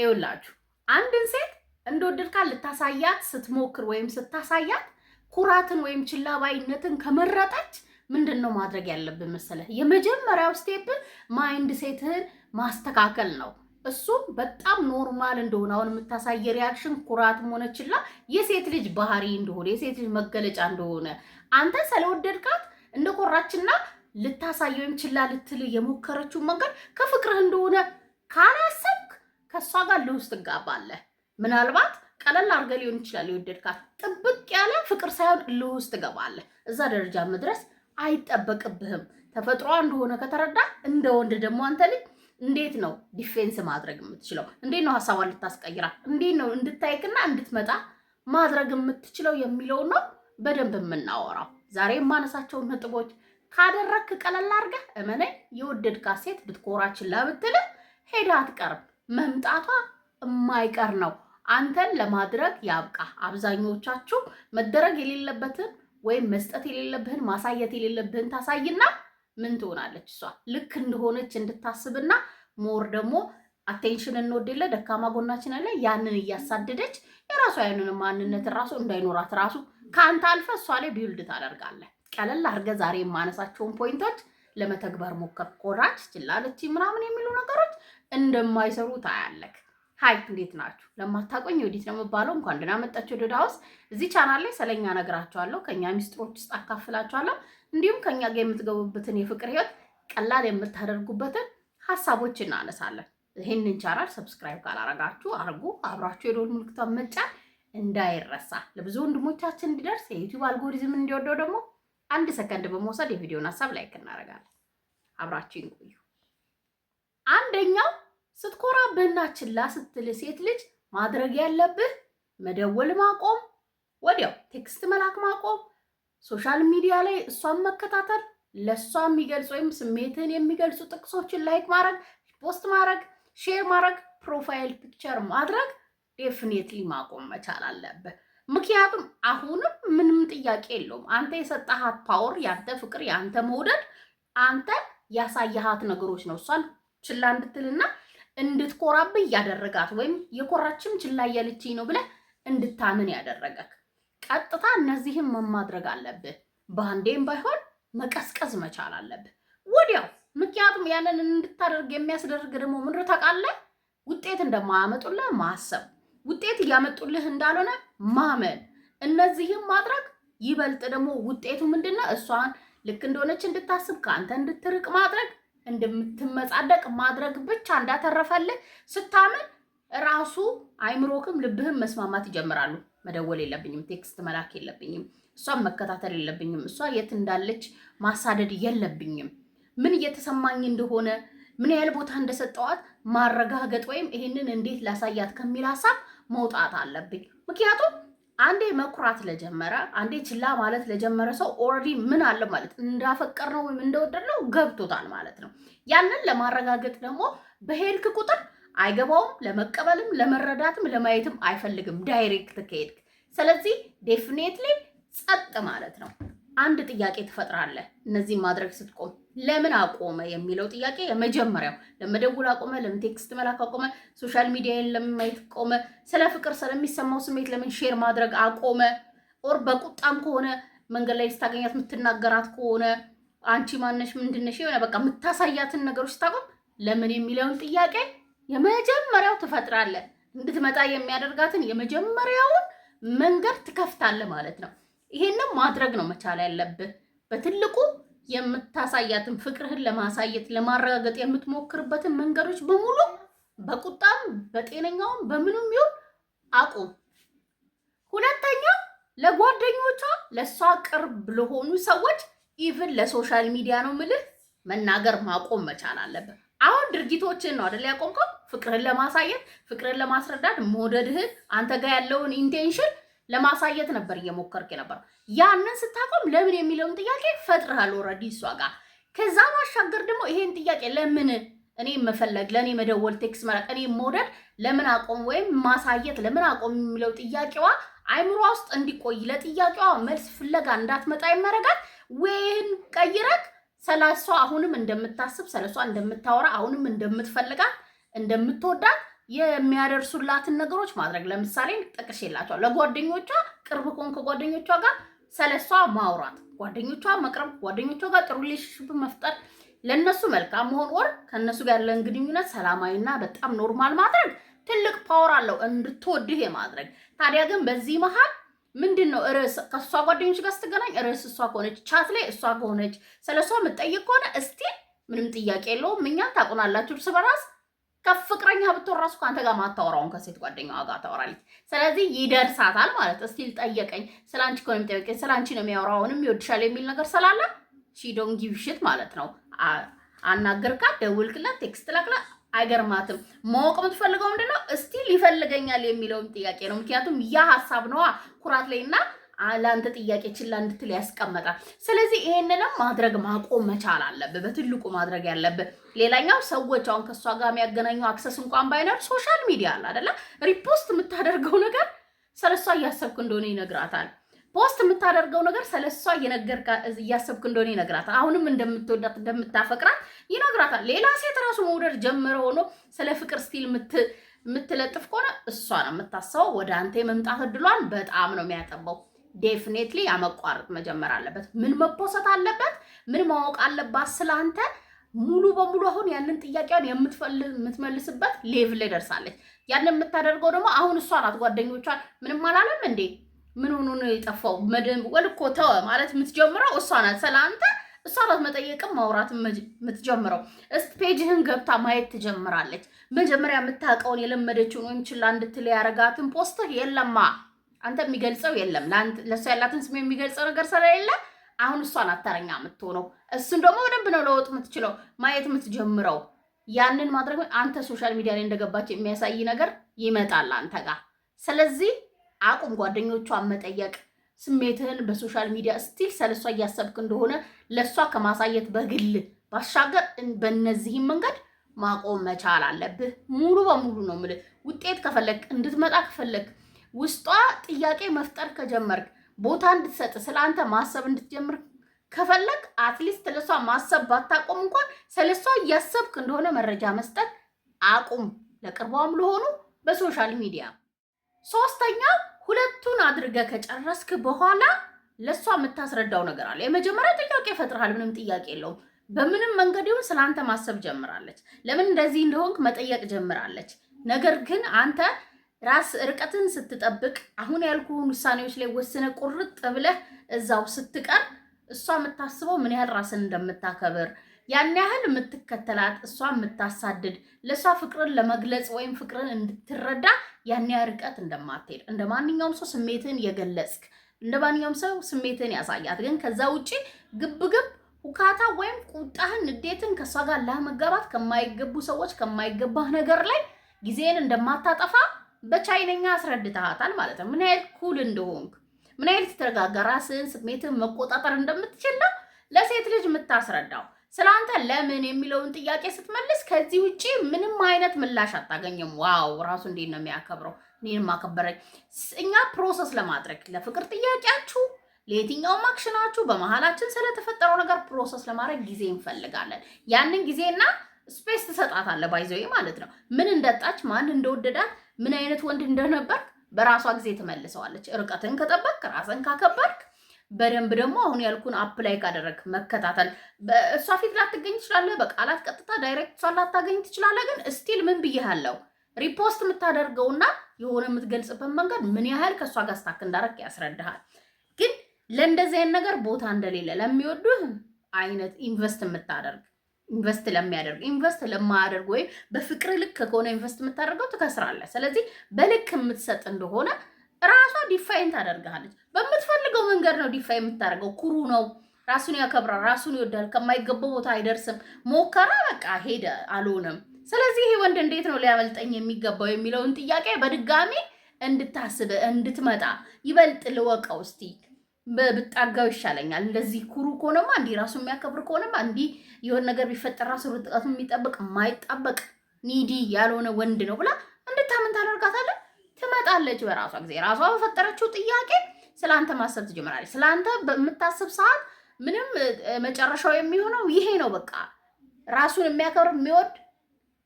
ይኸውላችሁ አንድን ሴት እንደወደድካት ልታሳያት ስትሞክር ወይም ስታሳያት ኩራትን ወይም ችላባይነትን ከመረጠች ምንድን ነው ማድረግ ያለብን መሰለህ? የመጀመሪያው ስቴፕ ማይንድ ሴትህን ማስተካከል ነው። እሱም በጣም ኖርማል እንደሆነ አሁን የምታሳየ ሪያክሽን ኩራትም ሆነ ችላ የሴት ልጅ ባህሪ እንደሆነ የሴት ልጅ መገለጫ እንደሆነ አንተ ስለወደድካት እንደ ኮራችና ልታሳየ ወይም ችላ ልትል የሞከረችውን መንገድ ከፍቅርህ እንደሆነ ካላስ ከእሷ ጋር ልውስ ትጋባለህ። ምናልባት ቀለል አድርገህ ሊሆን ይችላል የወደድካት፣ ጥብቅ ያለ ፍቅር ሳይሆን ልውስጥ ትገባለህ። እዛ ደረጃ መድረስ አይጠበቅብህም። ተፈጥሮ እንደሆነ ከተረዳ እንደ ወንድ ደግሞ አንተ ልጅ እንዴት ነው ዲፌንስ ማድረግ የምትችለው? እንዴት ነው ሀሳቧን ልታስቀይራ? እንዴት ነው እንድታይክና እንድትመጣ ማድረግ የምትችለው የሚለው ነው በደንብ የምናወራው። ዛሬ የማነሳቸውን ነጥቦች ካደረክ ቀለል አድርገህ እመነኝ፣ የወደድካ ሴት ብትኮራችን ላብትልህ ሄዳ አትቀርም። መምጣቷ የማይቀር ነው። አንተን ለማድረግ ያብቃ። አብዛኞቻችሁ መደረግ የሌለበትን ወይም መስጠት የሌለብህን ማሳየት የሌለብህን ታሳይና ምን ትሆናለች እሷ ልክ እንደሆነች እንድታስብና ሞር ደግሞ አቴንሽን እንወድለ ደካማ ጎናችን ላይ ያንን እያሳደደች የራሷ ያንን ማንነት ራሱ እንዳይኖራት ራሱ ከአንተ አልፈ እሷ ላይ ቢውልድ ታደርጋለህ። ቀለል አድርገ ዛሬ የማነሳቸውን ፖይንቶች ለመተግበር ሞከር። ቆራች ችላለች ምናምን የሚሉ ነገሮች እንደማይሰሩ ታያለክ። ሀይ እንዴት ናችሁ? ለማታቆኝ ወዲት ነው የምባለው። እንኳን ደህና መጣችሁ ዮድ ሃውስ። እዚህ ቻናል ላይ ስለኛ እነግራችኋለሁ፣ ከኛ ሚስጥሮች ውስጥ አካፍላችኋለሁ። እንዲሁም ከኛ ጋር የምትገቡበትን የፍቅር ህይወት ቀላል የምታደርጉበትን ሀሳቦች እናነሳለን። ይህንን ቻናል ሰብስክራይብ ካላረጋችሁ አርጉ። አብራችሁ የደወል ምልክቷን መጫን እንዳይረሳ። ለብዙ ወንድሞቻችን እንዲደርስ የዩቲዩብ አልጎሪዝም እንዲወደው ደግሞ አንድ ሰከንድ በመውሰድ የቪዲዮን ሀሳብ ላይክ እናደርጋለን። አብራችሁ ይቆዩ። አንደኛው ስትኮራብህና ችላ ስትል ሴት ልጅ ማድረግ ያለብህ መደወል ማቆም፣ ወዲያው ቴክስት መላክ ማቆም፣ ሶሻል ሚዲያ ላይ እሷን መከታተል፣ ለእሷ የሚገልጽ ወይም ስሜትን የሚገልጹ ጥቅሶችን ላይክ ማድረግ፣ ፖስት ማድረግ፣ ሼር ማድረግ፣ ፕሮፋይል ፒክቸር ማድረግ ዴፍኔትሊ ማቆም መቻል አለብህ። ምክንያቱም አሁንም ምንም ጥያቄ የለውም። አንተ የሰጠሃት ፓወር፣ የአንተ ፍቅር፣ የአንተ መውደድ፣ አንተ ያሳየሃት ነገሮች ነው እሷን ችላ እንድትልና እንድትኮራብህ ያደረጋት ወይም የኮራችም ችላ እያለችኝ ነው ብለህ እንድታምን ያደረገክ። ቀጥታ እነዚህም መማድረግ አለብህ። በአንዴም ባይሆን መቀስቀዝ መቻል አለብህ ወዲያው። ምክንያቱም ያንን እንድታደርግ የሚያስደርግ ደግሞ ምንድን ታውቃለህ? ውጤት እንደማያመጡልህ ማሰብ፣ ውጤት እያመጡልህ እንዳልሆነ ማመን፣ እነዚህም ማድረግ ይበልጥ ደግሞ ውጤቱ ምንድነው እሷን ልክ እንደሆነች እንድታስብ ከአንተ እንድትርቅ ማድረግ እንደምትመጻደቅ ማድረግ ብቻ እንዳተረፈልህ ስታምን ራሱ አይምሮክም ልብህም መስማማት ይጀምራሉ። መደወል የለብኝም፣ ቴክስት መላክ የለብኝም፣ እሷን መከታተል የለብኝም፣ እሷ የት እንዳለች ማሳደድ የለብኝም፣ ምን እየተሰማኝ እንደሆነ ምን ያህል ቦታ እንደሰጠዋት ማረጋገጥ ወይም ይሄንን እንዴት ላሳያት ከሚል ሀሳብ መውጣት አለብኝ ምክንያቱም አንዴ መኩራት ለጀመረ አንዴ ችላ ማለት ለጀመረ ሰው ኦልሬዲ ምን አለ ማለት እንዳፈቀር ነው ወይም እንደወደድ ነው ገብቶታል ማለት ነው። ያንን ለማረጋገጥ ደግሞ በሄድክ ቁጥር አይገባውም፣ ለመቀበልም ለመረዳትም ለማየትም አይፈልግም ዳይሬክት ከሄድክ። ስለዚህ ዴፊኔትሊ ጸጥ ማለት ነው። አንድ ጥያቄ ትፈጥራለህ እነዚህን ማድረግ ስትቆም ለምን አቆመ የሚለው ጥያቄ የመጀመሪያው። ለመደውል አቆመ፣ ለምን ቴክስት መላክ አቆመ፣ ሶሻል ሚዲያ ለምን ማየት ቆመ፣ ስለ ፍቅር ስለሚሰማው ስሜት ለምን ሼር ማድረግ አቆመ? ኦር በቁጣም ከሆነ መንገድ ላይ ስታገኛት የምትናገራት ከሆነ አንቺ ማነሽ ምንድነሽ የሆነ በቃ የምታሳያትን ነገሮች ስታቆም ለምን የሚለውን ጥያቄ የመጀመሪያው ትፈጥራለህ። እንድትመጣ የሚያደርጋትን የመጀመሪያውን መንገድ ትከፍታለህ ማለት ነው። ይሄንም ማድረግ ነው መቻል ያለብህ በትልቁ የምታሳያትን ፍቅርህን ለማሳየት ለማረጋገጥ የምትሞክርበትን መንገዶች በሙሉ በቁጣም በጤነኛውም በምንም ይሁን አቁም። ሁለተኛ ለጓደኞቿ ለእሷ ቅርብ ለሆኑ ሰዎች ኢቭን ለሶሻል ሚዲያ ነው ምልህ መናገር ማቆም መቻል አለብን። አሁን ድርጊቶችን ነው አደል ያቆምከው? ፍቅርህን ለማሳየት ፍቅርህን ለማስረዳት መውደድህን አንተ ጋር ያለውን ኢንቴንሽን ለማሳየት ነበር እየሞከርክ ነበር። ያንን ስታቆም ለምን የሚለውን ጥያቄ ፈጥረሃል ኦልሬዲ እሷ ጋር። ከዛ ማሻገር ደግሞ ይሄን ጥያቄ ለምን እኔ መፈለግ፣ ለእኔ መደወል፣ ቴክስ መላክ፣ እኔ መውደድ ለምን አቆም ወይም ማሳየት ለምን አቆም የሚለው ጥያቄዋ አይምሯ ውስጥ እንዲቆይ ለጥያቄዋ መልስ ፍለጋ እንዳትመጣ ይመረጋል። ወይህን ቀይረክ ሰላሷ አሁንም እንደምታስብ ሰለሷ እንደምታወራ አሁንም እንደምትፈልጋት እንደምትወዳት የሚያደርሱላትን ነገሮች ማድረግ ለምሳሌ ጠቅሼላቸዋል። ለጓደኞቿ ቅርብ ከሆንክ ከጓደኞቿ ጋር ሰለሷ ማውራት፣ ጓደኞቿ መቅረብ፣ ጓደኞቿ ጋር ጥሩ ሪሌሽንሽፕ መፍጠር፣ ለእነሱ መልካም መሆን ወር ከእነሱ ጋር ያለን ግንኙነት ሰላማዊና በጣም ኖርማል ማድረግ ትልቅ ፓወር አለው እንድትወድህ የማድረግ ታዲያ ግን በዚህ መሀል ምንድን ነው ርዕስ ከእሷ ጓደኞች ጋር ስትገናኝ ርዕስ እሷ ከሆነች ቻት ላይ እሷ ከሆነች ስለሷ የምትጠይቅ ከሆነ እስቲ ምንም ጥያቄ የለውም እኛ ታቁናላችሁ እርስ በራስ ከፍቅረኛ ብትወር ራሱ ከአንተ ጋር ማታወራውን ከሴት ጓደኛዋ ጋር ታወራለች። ስለዚህ ይደርሳታል ማለት እስቲል ጠየቀኝ፣ ስለ አንቺ እኮ የሚጠየቀኝ፣ ስለ አንቺ ነው የሚያወራው፣ አሁንም ይወድሻል የሚል ነገር ስላለ ሺ ዶንት ጊቭ ሽት ማለት ነው። አናገርካት፣ ደውልክላት፣ ቴክስት ላክላት፣ አይገርማትም። ማወቅ የምትፈልገው ምንድነው? እስቲል ይፈልገኛል የሚለውን ጥያቄ ነው። ምክንያቱም ያ ሀሳብ ነዋ ኩራት ላይ እና ለአንተ ጥያቄችን ችላ እንድትል ያስቀመጣል። ስለዚህ ይሄንንም ማድረግ ማቆም መቻል አለብህ፣ በትልቁ ማድረግ ያለብህ። ሌላኛው ሰዎች አሁን ከእሷ ጋር የሚያገናኙ አክሰስ እንኳን ባይኖር ሶሻል ሚዲያ አለ አደለ? ሪፖስት የምታደርገው ነገር ስለሷ እያሰብክ እንደሆነ ይነግራታል። ፖስት የምታደርገው ነገር ስለሷ እያሰብክ እንደሆነ ይነግራታል። አሁንም እንደምትወዳት እንደምታፈቅራት ይነግራታል። ሌላ ሴት ራሱ መውደድ ጀመረ ሆኖ ስለ ፍቅር ስቲል የምትለጥፍ ከሆነ እሷ ነው የምታስበው። ወደ አንተ የመምጣት እድሏን በጣም ነው የሚያጠባው። ዴፍኔትሊ ያመቋረጥ መጀመር አለበት። ምን መፖሰት አለበት? ምን ማወቅ አለባት? ስለአንተ ሙሉ በሙሉ አሁን ያንን ጥያቄዋን የምትመልስበት ሌቭል ላይ ደርሳለች። ያንን የምታደርገው ደግሞ አሁን እሷ ናት። ጓደኞቿን ምንም አላለም እንዴ ምን ሆኖ ነው የጠፋው? ወልኮ ተወ ማለት የምትጀምረው እሷ ናት። ስለአንተ እሷ ናት መጠየቅም ማውራት የምትጀምረው። እስቲ ፔጅህን ገብታ ማየት ትጀምራለች። መጀመሪያ የምታውቀውን የለመደችውን ወይም ችላ እንድትል ያደረጋትን ፖስትህ የለማ አንተ የሚገልጸው የለም። ለእሷ ያላትን ስሜ የሚገልጸው ነገር ስለሌለ አሁን እሷን አታረኛ የምትሆነው እሱን ደግሞ በደንብ ነው ለወጥ የምትችለው ማየት የምትጀምረው። ያንን ማድረግ አንተ ሶሻል ሚዲያ ላይ እንደገባች የሚያሳይ ነገር ይመጣል አንተ ጋር። ስለዚህ አቁም ጓደኞቿን መጠየቅ፣ ስሜትህን በሶሻል ሚዲያ ስቲል ስለሷ እያሰብክ እንደሆነ ለእሷ ከማሳየት በግል ባሻገር በእነዚህም መንገድ ማቆም መቻል አለብህ። ሙሉ በሙሉ ነው የምልህ። ውጤት ከፈለግ እንድትመጣ ከፈለግ ውስጧ ጥያቄ መፍጠር ከጀመርክ ቦታ እንድትሰጥ ስለ አንተ ማሰብ እንድትጀምር ከፈለግ አትሊስት ለሷ ማሰብ ባታቆም እንኳን ስለሷ እያሰብክ እንደሆነ መረጃ መስጠት አቁም። ለቅርቧም ለሆኑ በሶሻል ሚዲያ። ሶስተኛው ሁለቱን አድርገ ከጨረስክ በኋላ ለእሷ የምታስረዳው ነገር አለ። የመጀመሪያ ጥያቄ ፈጥረሃል፣ ምንም ጥያቄ የለውም። በምንም መንገድ ይሁን ስለ አንተ ማሰብ ጀምራለች። ለምን እንደዚህ እንደሆንክ መጠየቅ ጀምራለች። ነገር ግን አንተ ራስ ርቀትን ስትጠብቅ አሁን ያልኩህን ውሳኔዎች ላይ ወስነ ቁርጥ ብለህ እዛው ስትቀር እሷ የምታስበው ምን ያህል ራስን እንደምታከብር ያን ያህል የምትከተላት እሷ የምታሳድድ ለእሷ ፍቅርን ለመግለጽ ወይም ፍቅርን እንድትረዳ ያን ያህል ርቀት እንደማትሄድ እንደ ማንኛውም ሰው ስሜትን የገለጽክ እንደ ማንኛውም ሰው ስሜትን ያሳያት። ግን ከዛ ውጭ ግብግብ፣ ሁካታ ወይም ቁጣህን፣ ንዴትን ከእሷ ጋር ላመጋባት ከማይገቡ ሰዎች ከማይገባህ ነገር ላይ ጊዜን እንደማታጠፋ በቻይነኛ አስረድተሃታል ማለት ነው። ምን ያህል ኩል እንደሆንክ፣ ምን ያህል ተረጋጋ፣ ራስን ስሜትህን መቆጣጠር እንደምትችል ለሴት ልጅ የምታስረዳው። ስለአንተ ለምን የሚለውን ጥያቄ ስትመልስ ከዚህ ውጪ ምንም አይነት ምላሽ አታገኝም። ዋው ራሱ እንዴት ነው የሚያከብረው፣ እኔንም አከበረኝ። እኛ ፕሮሰስ ለማድረግ ለፍቅር ጥያቄያችሁ ለየትኛውም አክሽናችሁ በመሀላችን ስለተፈጠረው ነገር ፕሮሰስ ለማድረግ ጊዜ እንፈልጋለን። ያንን ጊዜና ስፔስ ትሰጣታለህ። ባይዘው ማለት ነው ምን እንደጣች ማን እንደወደዳት ምን አይነት ወንድ እንደነበርክ በራሷ ጊዜ ትመልሰዋለች። ርቀትን ከጠበቅ ራስን ካከበርክ በደንብ ደግሞ አሁን ያልኩን አፕላይ ካደረግ መከታተል እሷ ፊት ላትገኝ ትችላለህ። በቃላት ቀጥታ ዳይሬክት እሷን ላታገኝ ትችላለህ። ግን ስቲል ምን ብያለው ሪፖስት የምታደርገውና የሆነ የምትገልጽበት መንገድ ምን ያህል ከእሷ ጋር ስታክ እንዳረግ ያስረዳሃል። ግን ለእንደዚህ አይነት ነገር ቦታ እንደሌለ ለሚወዱህ አይነት ኢንቨስት የምታደርግ ኢንቨስት ለሚያደርግ ኢንቨስት ለማያደርግ ወይም በፍቅር ልክ ከሆነ ኢንቨስት የምታደርገው ትከስራለህ። ስለዚህ በልክ የምትሰጥ እንደሆነ ራሷ ዲፋይን ታደርግሃለች። በምትፈልገው መንገድ ነው ዲፋይን የምታደርገው። ኩሩ ነው፣ ራሱን ያከብራል፣ ራሱን ይወዳል፣ ከማይገባው ቦታ አይደርስም። ሞከራ፣ በቃ ሄደ፣ አልሆነም። ስለዚህ ይሄ ወንድ እንዴት ነው ሊያመልጠኝ የሚገባው የሚለውን ጥያቄ በድጋሚ እንድታስብ እንድትመጣ ይበልጥ ልወቀው እስቲ ብጣጋው ይሻለኛል። እንደዚህ ኩሩ ከሆነማ እንዲህ ራሱ የሚያከብር ከሆነማ እንዲህ የሆነ ነገር ቢፈጠር ራሱ ርጥቀቱ የሚጠብቅ የማይጣበቅ ኒዲ ያልሆነ ወንድ ነው ብላ እንድታምን ታደርጋታለህ። ትመጣለች በራሷ ጊዜ ራሷ በፈጠረችው ጥያቄ ስለ አንተ ማሰብ ትጀምራለች። ስለ አንተ በምታስብ ሰዓት ምንም መጨረሻው የሚሆነው ይሄ ነው። በቃ ራሱን የሚያከብር የሚወድ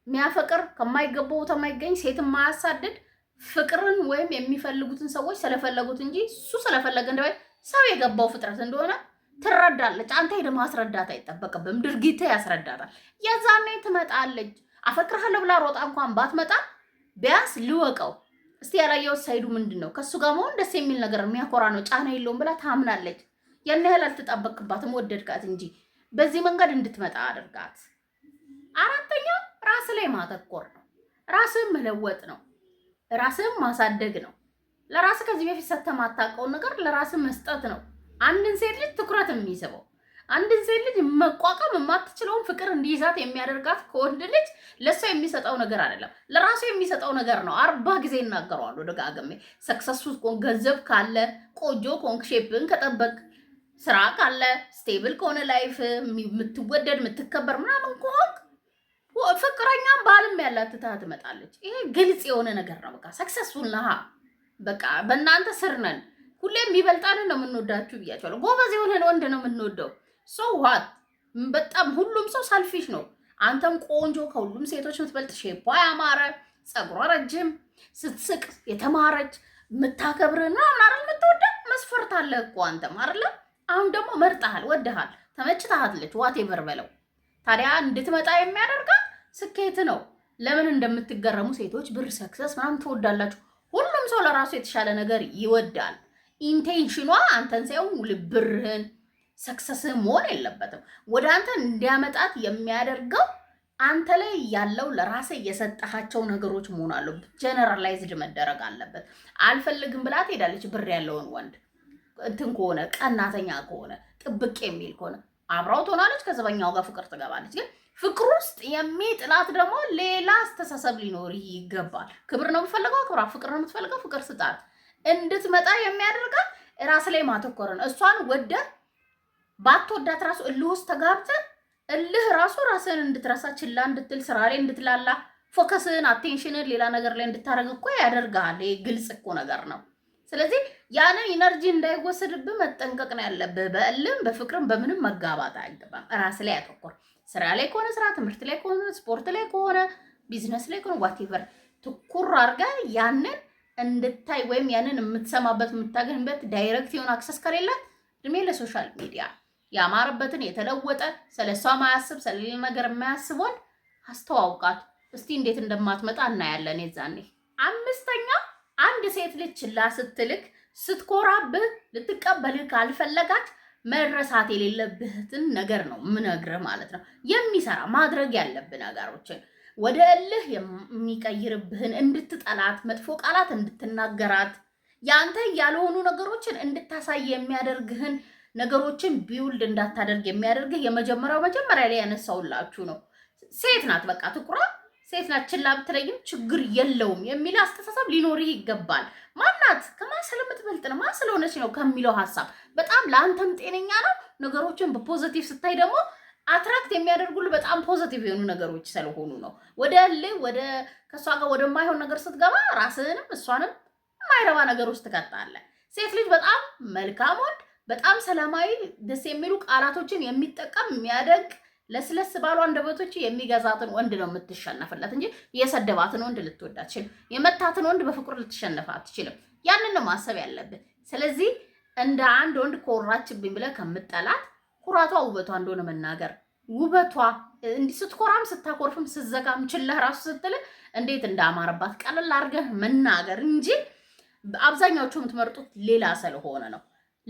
የሚያፈቅር ከማይገባው ቦታ የማይገኝ ሴት የማያሳድድ ፍቅርን ወይም የሚፈልጉትን ሰዎች ስለፈለጉት እንጂ እሱ ስለፈለገ እንደባይ ሰው የገባው ፍጥረት እንደሆነ ትረዳለች። አንተ ሄደህ ማስረዳት አይጠበቅብም። ድርጊትህ ያስረዳታል። የዛኔ ትመጣለች። አፈቅርሃለሁ ብላ ሮጣ እንኳን ባትመጣ ቢያንስ ልወቀው እስቲ ያላየው ሳይዱ ምንድን ነው? ከእሱ ጋር መሆን ደስ የሚል ነገር የሚያኮራ ነው፣ ጫና የለውም ብላ ታምናለች። ያን ያህል አልተጣበቅባትም፣ ወደድካት እንጂ በዚህ መንገድ እንድትመጣ አድርጋት። አራተኛ ራስ ላይ ማተኮር ነው። ራስን መለወጥ ነው። ራስን ማሳደግ ነው። ለራስ ከዚህ በፊት ሰጥተህ ነገር ለራስ መስጠት ነው። አንድን ሴት ልጅ ትኩረት የሚስበው አንድን ሴት ልጅ መቋቋም የማትችለውን ፍቅር እንዲይዛት የሚያደርጋት ከወንድ ልጅ ለሷ የሚሰጠው ነገር አይደለም፣ ለራሱ የሚሰጠው ነገር ነው። አርባ ጊዜ እናገረዋለሁ ደጋግሜ። ሰክሰሱ ኮን ገንዘብ ካለ ቆጆ ከሆንክ ሼፕን ከጠበቅ ስራ ካለ ስቴብል ከሆነ ላይፍ የምትወደድ የምትከበር ምናምን ከሆንክ ፍቅረኛም ባልም ያላት ትታ ትመጣለች። ይሄ ግልጽ የሆነ ነገር ነው። በቃ ሰክሰሱን በቃ በእናንተ ስር ነን። ሁሌም ይበልጣንን ነው የምንወዳችሁ ብያቸዋለሁ። ጎበዝ የሆነን ወንድ ነው የምንወደው። ሰው ዋት በጣም ሁሉም ሰው ሰልፊሽ ነው። አንተም ቆንጆ ከሁሉም ሴቶች የምትበልጥ ሼፓ ያማረ ፀጉሯ ረጅም ስትስቅ የተማረች የምታከብር ምናምን አይደል የምትወደ መስፈርት አለ እኮ አንተም አይደለ። አሁን ደግሞ መርጠሃል፣ ወደሃል፣ ተመችታሃትለች ዋቴ በርበለው። ታዲያ እንድትመጣ የሚያደርጋት ስኬት ነው። ለምን እንደምትገረሙ ሴቶች ብር፣ ሰክሰስ ምናምን ትወዳላችሁ። ሁሉም ሰው ለራሱ የተሻለ ነገር ይወዳል። ኢንቴንሽኗ አንተን ሳይሆን ልብርህን ሰክሰስህን መሆን የለበትም። ወደ አንተ እንዲያመጣት የሚያደርገው አንተ ላይ ያለው ለራስህ የሰጠሃቸው ነገሮች መሆን አለበት። ጀነራላይዝድ መደረግ አለበት። አልፈልግም ብላ ትሄዳለች። ብር ያለውን ወንድ እንትን ከሆነ ቀናተኛ ከሆነ ጥብቅ የሚል ከሆነ አብራው ትሆናለች። ከዘበኛው ጋር ፍቅር ትገባለች ግን ፍቅር ውስጥ የሚጥላት ደግሞ ሌላ አስተሳሰብ ሊኖር ይገባል። ክብር ነው የምትፈልገው፣ ክብራ። ፍቅር ነው የምትፈልገው፣ ፍቅር ስጣት። እንድትመጣ የሚያደርጋት ራስ ላይ ነው። እሷን ወደ ባትወዳት ራሱ እልህ ውስጥ ተጋብተህ እልህ ራሱ ራስን እንድትረሳ ችላ እንድትል ስራ ላይ እንድትላላ ፎከስን አቴንሽንን ሌላ ነገር ላይ እንድታደርግ እኮ ያደርግሃል። ግልጽ እኮ ነገር ነው። ስለዚህ ያንን ኢነርጂ እንዳይወሰድብህ መጠንቀቅ ነው ያለብህ። በእልም በፍቅርም በምንም መጋባት አይገባም። ራስ ላይ ያተኮር። ስራ ላይ ከሆነ ስራ፣ ትምህርት ላይ ከሆነ ስፖርት ላይ ከሆነ ቢዝነስ ላይ ከሆነ ዋቴቨር ትኩር አድርገህ ያንን እንድታይ ወይም ያንን የምትሰማበት የምታገኝበት ዳይሬክት የሆነ አክሰስ ከሌላት እድሜ ለሶሻል ሚዲያ ያማረበትን የተለወጠ ስለ እሷ ማያስብ ስለሌላ ነገር የማያስብ ወንድ አስተዋውቃት። እስቲ እንዴት እንደማትመጣ እናያለን የዛኔ። አምስተኛ አንድ ሴት ልጅ ችላ ስትልክ ስትኮራብህ ልትቀበልህ ካልፈለጋት መረሳት የሌለብህትን ነገር ነው ምነግርህ ማለት ነው። የሚሰራ ማድረግ ያለብህ ነገሮችን ወደ እልህ የሚቀይርብህን እንድትጠላት፣ መጥፎ ቃላት እንድትናገራት፣ የአንተ ያልሆኑ ነገሮችን እንድታሳይ የሚያደርግህን ነገሮችን ቢውልድ እንዳታደርግ የሚያደርግህ የመጀመሪያው መጀመሪያ ላይ ያነሳውላችሁ ነው። ሴት ናት፣ በቃ ትኩራ ሴት ናት ችላ ብትለይም ችግር የለውም የሚል አስተሳሰብ ሊኖርህ ይገባል። ማናት ከማን ስለምትበልጥ ነው ማን ስለሆነች ነው ከሚለው ሀሳብ በጣም ለአንተም ጤነኛ ነው። ነገሮችን በፖዘቲቭ ስታይ ደግሞ አትራክት የሚያደርጉልህ በጣም ፖዘቲቭ የሆኑ ነገሮች ስለሆኑ ነው። ወደ እልህ ወደ ከእሷ ጋር ወደማይሆን ነገር ስትገባ ራስህንም እሷንም የማይረባ ነገር ውስጥ ትከታለህ። ሴት ልጅ በጣም መልካም ወንድ፣ በጣም ሰላማዊ፣ ደስ የሚሉ ቃላቶችን የሚጠቀም የሚያደግ ለስለስ ባሉ አንደበቶች የሚገዛትን ወንድ ነው የምትሸነፍለት እንጂ የሰደባትን ወንድ ልትወድ አትችልም። የመታትን ወንድ በፍቅር ልትሸነፍ አትችልም። ያንን ነው ማሰብ ያለብን። ስለዚህ እንደ አንድ ወንድ ኮራችብኝ ብለህ ከምጠላት ኩራቷ ውበቷ እንደሆነ መናገር ውበቷ እንዲህ ስትኮራም ስታኮርፍም ስዘጋም ችለህ ራሱ ስትል እንዴት እንዳማረባት ቀለል አድርገህ መናገር እንጂ አብዛኛዎቹ የምትመርጡት ሌላ ስለሆነ ነው።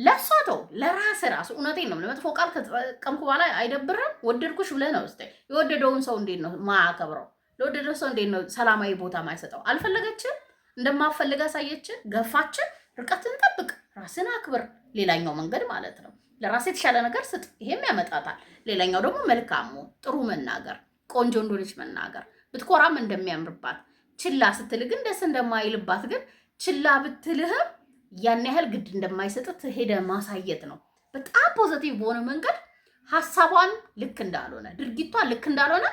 ለእሷ ተው፣ ለራስህ ራሱ እውነቴን ነው። ለመጥፎ ቃል ከተጠቀምኩ በኋላ አይደብርህም? ወደድኩሽ ብለህ ነው እስኪ የወደደውን ሰው እንዴት ነው ማያከብረው? ለወደደው ሰው እንዴት ነው ሰላማዊ ቦታ ማይሰጠው? አልፈለገችም፣ እንደማፈልግ አሳየችን፣ ገፋችን። ርቀትን ጠብቅ፣ ራስን አክብር። ሌላኛው መንገድ ማለት ነው ለራስ የተሻለ ነገር ስጥ፣ ይሄም ያመጣታል። ሌላኛው ደግሞ መልካሙ ጥሩ መናገር፣ ቆንጆ እንደሆነች መናገር፣ ብትኮራም እንደሚያምርባት። ችላ ስትልህ ግን ደስ እንደማይልባት ግን ችላ ብትልህም ያን ያህል ግድ እንደማይሰጥት ሄደ ማሳየት ነው። በጣም ፖዘቲቭ በሆነ መንገድ ሀሳቧን ልክ እንዳልሆነ ድርጊቷን ልክ እንዳልሆነ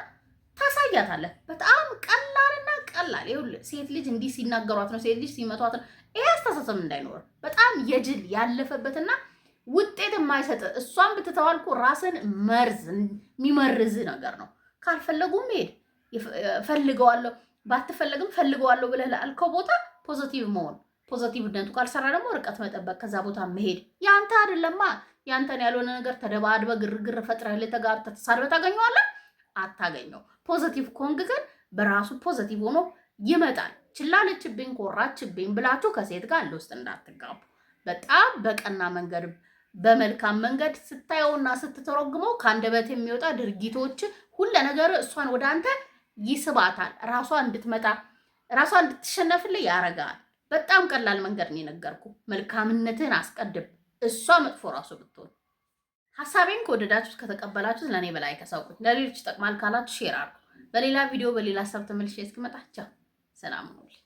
ታሳያታለህ። በጣም ቀላልና ቀላል ይኸውልህ፣ ሴት ልጅ እንዲህ ሲናገሯት ነው፣ ሴት ልጅ ሲመቷት ነው። ይሄ አስተሳሰብ እንዳይኖር በጣም የጅል ያለፈበትና ውጤት የማይሰጥ እሷን ብትተዋልኩ ራስን መርዝ የሚመርዝ ነገር ነው። ካልፈለጉ መሄድ ፈልገዋለሁ፣ ባትፈለግም ፈልገዋለሁ ብለህ ላልከው ቦታ ፖዘቲቭ መሆን ፖዘቲቭነቱ ካልሰራ ደግሞ ርቀት መጠበቅ፣ ከዛ ቦታ መሄድ። ያንተ አይደለማ ያንተን ያልሆነ ነገር ተደባድበ ግርግር ፈጥረህ ልተጋብተ ተሳድበ ታገኘዋለህ? አታገኘው። ፖዘቲቭ ኮንግ ግን በራሱ ፖዘቲቭ ሆኖ ይመጣል። ችላለችብኝ ኮራችብኝ ብላችሁ ከሴት ጋር ለውስጥ እንዳትጋቡ። በጣም በቀና መንገድ በመልካም መንገድ ስታየውና ስትተረጉመው ከአንደበት የሚወጣ ድርጊቶች ሁለ ነገር እሷን ወደ አንተ ይስባታል። ራሷ እንድትመጣ ራሷ እንድትሸነፍልህ ያረጋል። በጣም ቀላል መንገድ ነው የነገርኩ። መልካምነትን አስቀድም፣ እሷ መጥፎ ራሱ ብትሆን። ሀሳቤን ከወደዳችሁት ከተቀበላችሁት ለእኔ በላይ ከሰውቁኝ፣ ለሌሎች ይጠቅማል ካላችሁ ሼር አርጉ። በሌላ ቪዲዮ በሌላ ሀሳብ ተመልሼ እስክመጣቸው ሰላም ሁኑልኝ።